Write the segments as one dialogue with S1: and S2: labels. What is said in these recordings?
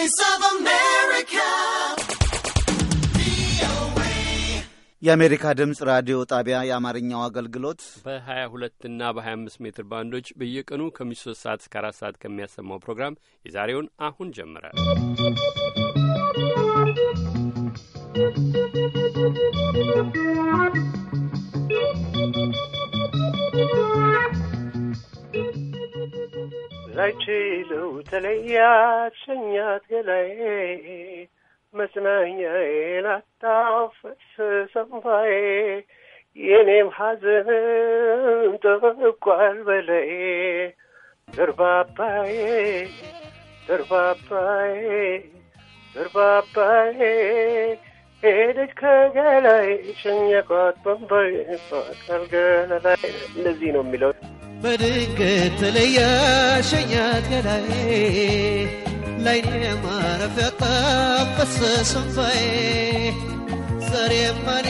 S1: Voice of America.
S2: የአሜሪካ ድምፅ ራዲዮ ጣቢያ የአማርኛው አገልግሎት
S3: በ22 እና በ25 ሜትር ባንዶች በየቀኑ ከሚ 3 ሰዓት እስከ 4 ሰዓት ከሚያሰማው ፕሮግራም የዛሬውን አሁን ጀምራል።
S1: ሳይችለው ተለያት ሸኛት ገላዬ መጽናኛዬን አታፈስ ሰንባዬ የኔም ሐዘን ጠብቋል በላይ ድርባባዬ ድርባባዬ ድርባባዬ ሄደች ከገላይ ሸኛቋት በንባዬ ከልገላላይ እንደዚህ ነው የሚለው በድንገት ሸኛት ገላዬ ላይኔ ማረፊያ ጠበሰ ሰንባዬ ዛሬ ማኔ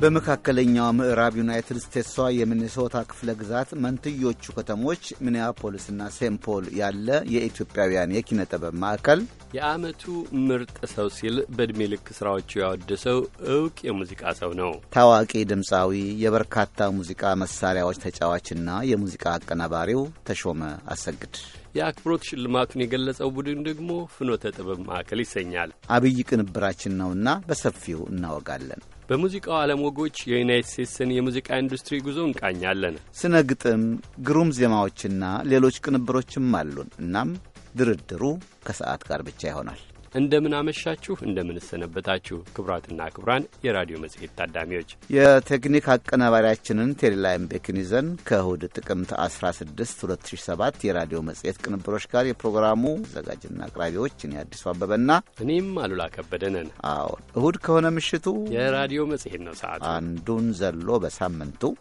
S2: በመካከለኛው ምዕራብ ዩናይትድ ስቴትሷ የሚኒሶታ ክፍለ ግዛት መንትዮቹ ከተሞች ሚኒያፖሊስና ሴንት ፖል ያለ የኢትዮጵያውያን የኪነ ጥበብ ማዕከል
S3: የዓመቱ ምርጥ ሰው ሲል በዕድሜ ልክ ስራዎቹ ያወደሰው እውቅ የሙዚቃ ሰው ነው።
S2: ታዋቂ ድምፃዊ፣ የበርካታ ሙዚቃ መሳሪያዎች ተጫዋችና የሙዚቃ አቀናባሪው ተሾመ አሰግድ
S3: የአክብሮት ሽልማቱን የገለጸው ቡድን ደግሞ ፍኖተ ጥበብ ማዕከል ይሰኛል።
S2: አብይ ቅንብራችን ነውና በሰፊው እናወጋለን።
S3: በሙዚቃው ዓለም ወጎች የዩናይት ስቴትስን የሙዚቃ ኢንዱስትሪ ጉዞ እንቃኛለን።
S2: ስነ ግጥም፣ ግሩም ዜማዎችና ሌሎች ቅንብሮችም አሉን። እናም ድርድሩ ከሰዓት ጋር ብቻ ይሆናል።
S3: እንደምን አመሻችሁ፣ ሰነበታችሁ ክቡራትና ክቡራን የራዲዮ መጽሔት ታዳሚዎች
S2: የቴክኒክ አቀናባሪያችንን ቴሌላይም ቤክን ይዘን ከእሁድ ጥቅምት 16 2007 የራዲዮ መጽሔት ቅንብሮች ጋር የፕሮግራሙ አዘጋጅና አቅራቢዎች እኔ አዲሱ አበበና እኔም አሉላ ከበደ ነን። አዎ እሁድ ከሆነ ምሽቱ የራዲዮ መጽሔት ነው። ሰዓት አንዱን ዘሎ በሳምንቱ